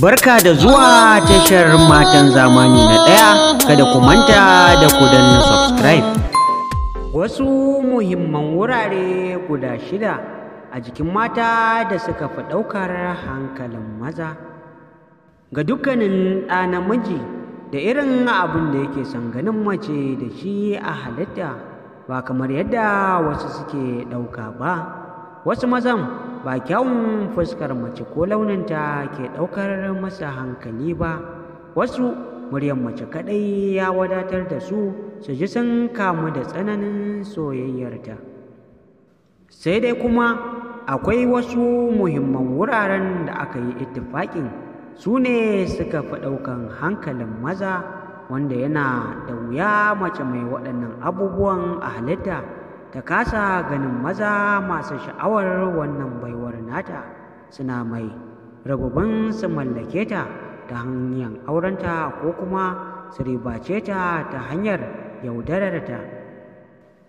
Barka da zuwa tashar matan zamani na ɗaya kada ku manta da ku na subscribe. Wasu muhimman wurare guda shida a jikin mata da suka fi ɗaukar hankalin maza. Ga dukkanin ɗa namiji da irin abin da yake son ganin mace da shi a halitta ba kamar yadda wasu suke ɗauka ba. wasu mazan ba kyawun fuskar mace ko launinta ke ɗaukar masa hankali ba wasu muryan mace kaɗai ya wadatar da su su ji sun kamu da tsananin soyayyarta sai dai kuma akwai wasu muhimman wuraren da aka yi ittifaƙin su ne suka fi ɗaukan hankalin maza wanda yana da wuya mace mai waɗannan abubuwan a halitta ta kasa ganin maza masu sha'awar wannan baiwar nata suna mai rababin su mallake ta ta hanyar aurenta ko kuma su ribace ta ta hanyar yaudarar ta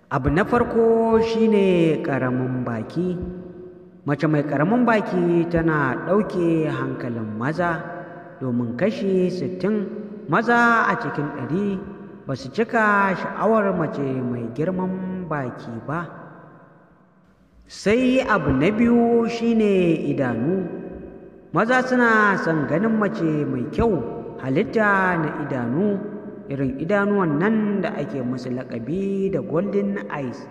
abu na farko shine ƙaramin baki mace mai ƙaramin baki tana ɗauke hankalin maza domin kashi sittin maza a cikin ɗari ba su cika sha'awar mace mai girman baki ba sai abu na biyu shine idanu maza suna son ganin mace mai kyau halitta na idanu irin idanuwan nan da ake musu lakabi da golden eyes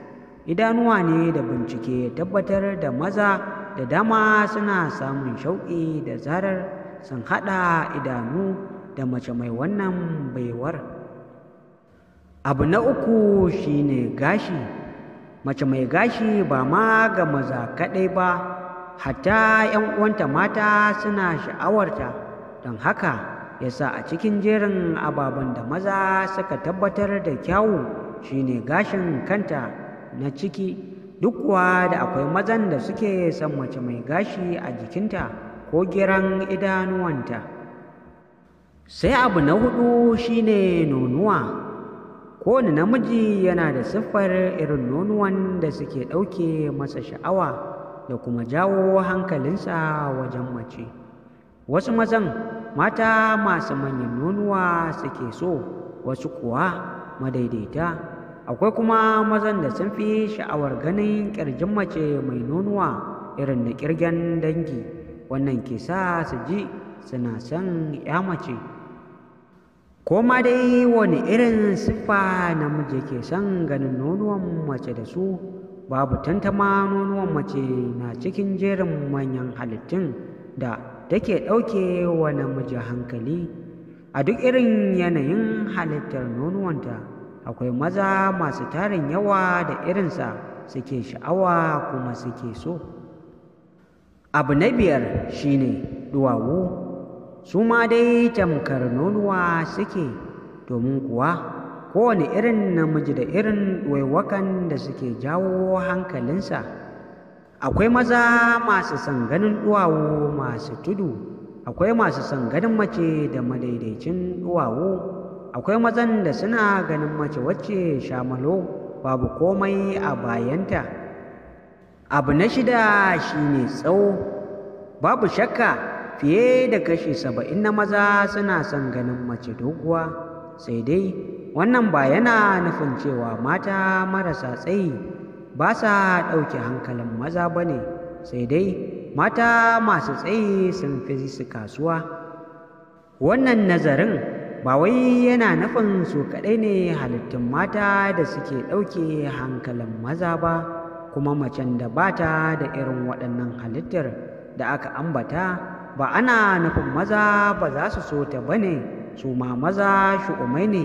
idanuwa ne da bincike tabbatar da maza da dama suna samun shauƙi da zarar sun haɗa idanu da mace mai wannan baiwar. abu na uku shine gashi mace mai gashi ba ma ga maza kaɗai ba hatta 'yan uwanta mata suna sha'awarta don haka ya sa a cikin jerin ababen da maza suka tabbatar da kyawu shine gashin kanta na ciki duk kuwa da akwai mazan da suke son mace mai gashi a jikinta ko giran idanuwanta sai abu na hudu shine nonuwa kowane namiji yana da siffar irin nonuwan da suke ɗauke masa sha'awa da kuma jawo hankalinsa wajen mace wasu mazan mata masu manyan nonuwa suke so wasu kuwa madaidaita akwai kuma mazan da sun fi sha'awar ganin ƙirjin mace mai nonuwa irin na ƙirgen dangi wannan ke sa su ji suna son ya mace ko ma dai wani irin siffa namiji ke son ganin nonuwan mace da su babu tantama nonuwan mace na cikin jerin manyan halittun da take ɗauke wa namiji hankali a duk irin yanayin halittar nonuwanta akwai maza masu tarin yawa da irinsa suke sha'awa kuma suke so abu na biyar shine duwawu su ma dai tamkar nonuwa suke domin kuwa kowane irin namiji da irin waiwakan da suke jawo hankalinsa akwai maza masu son ganin duwawu masu tudu akwai masu son ganin mace da madaidaicin duwawu akwai mazan da suna ganin mace wacce shamalo babu komai a bayanta abu na shida shi shine tsawo babu shakka fiye da kashi saba'in na maza suna son ganin mace doguwa sai dai wannan ba yana nufin cewa mata marasa tsayi ba sa ɗauke hankalin maza ba ne sai dai mata masu tsayi sun fi su kasuwa wannan nazarin ba wai yana nufin su kaɗai ne halittun mata da suke ɗauke hankalin maza ba kuma macen da ba ta da irin waɗannan halittar da aka ambata ba ana nufin maza ba za su so ta ba su ma maza shu'umai ne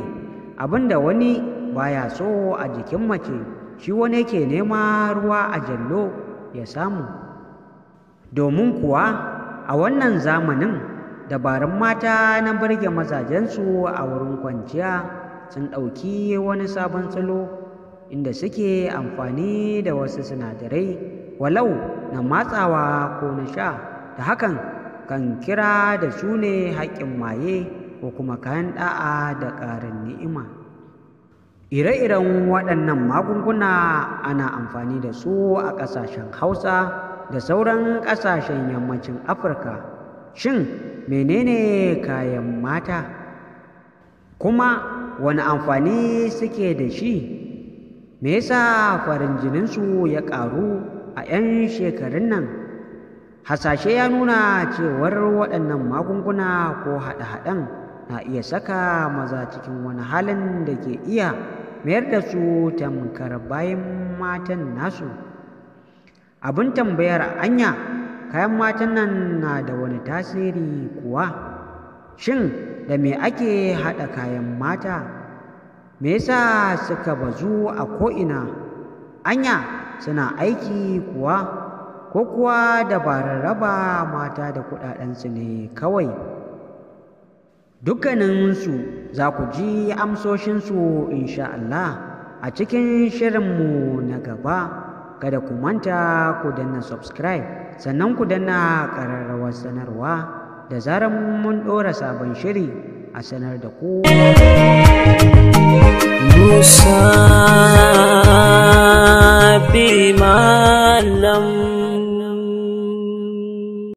abinda wani baya so a jikin mace shi wani ke nema ruwa a jallo ya samu domin kuwa a wannan zamanin dabarun mata na birge mazajensu a wurin kwanciya sun ɗauki wani sabon salo inda suke amfani da wasu sinadarai walau na matsawa ko na sha da hakan kan kira da su ne haƙƙin maye ko kuma kayan ɗa'a da ƙarin ni'ima ire-iren waɗannan magunguna ana amfani da su a ƙasashen hausa da sauran ƙasashen yammacin afirka shin menene kayan mata kuma wani amfani suke da shi me yasa farin jininsu ya ƙaru a 'yan shekarun nan hasashe ya nuna cewar waɗannan magunguna ko haɗe-haɗen na iya saka maza cikin wani halin da ke iya mayar da su tamkar bayan matan nasu abin tambayar anya kayan matan nan na da wani tasiri kuwa shin da me ake haɗa kayan mata me yasa suka bazu a ko'ina anya suna aiki kuwa ko kuwa dabarar raba mata da kuɗaɗensu ne kawai dukkaninsu za ku ji amsoshinsu insha Allah a cikin shirinmu na gaba kada ku manta ku danna subscribe sannan ku danna ƙararrawar sanarwa da zarar mun ɗora sabon shiri a sanar da ku Musa bi malam